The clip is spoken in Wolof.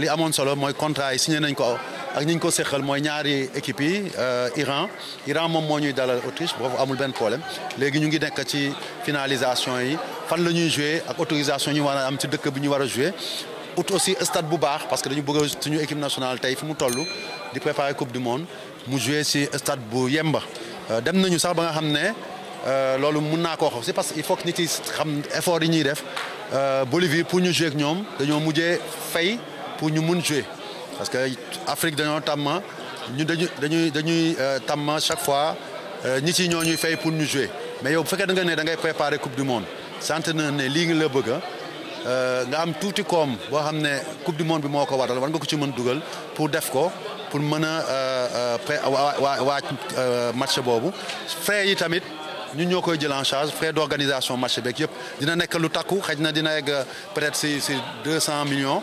li amone solo moy contrat yi signé nañ ko ak ñi ko séqal moy ñaari équipe yi euh, Iran Iran mom mo ñuy dalal Autriche boobu amul ben problème légui ñu ngi nekk ci finalisation yi fan lañuy jouer ak autorisation ñu war am ci dëkk bi ñu wara jouer joué aussi stade bu baax parce que dañu bëgg suñu équipe nationale tay fi mu tollu di préparer coupe du monde mu jouer ci stade bu yemba euh, dem nañu sax ba nga xamné ne euh, loolu mun naa koo xam c'est parce qu'il faut que nit yi xam effort yi ñuy def Bolivie pour ñu jouer ak ñom dañu mujjé fay pour nous mun jouer parce que Afrique dañoo tàmm ñu dañuy dañuy dañuy euh, tàmm chaque fois euh, ñi ci ñoo ñuy fay pour nous jouer mais yow bu fekkee da nga ne da ngay préparer coupe du monde sant ne lii nga la bëgg euh, nga am tuuti koom boo xam coupe du monde bi moo ko waral war nga ko ci mën pour def ko pour mën a waa waa match boobu frais yi tamit. ñun ñoo koy jël en charge frais d'organisation organisation marché beeg yëpp dina nekk lu takku xëj na dina egg peut-être si si deux cent millions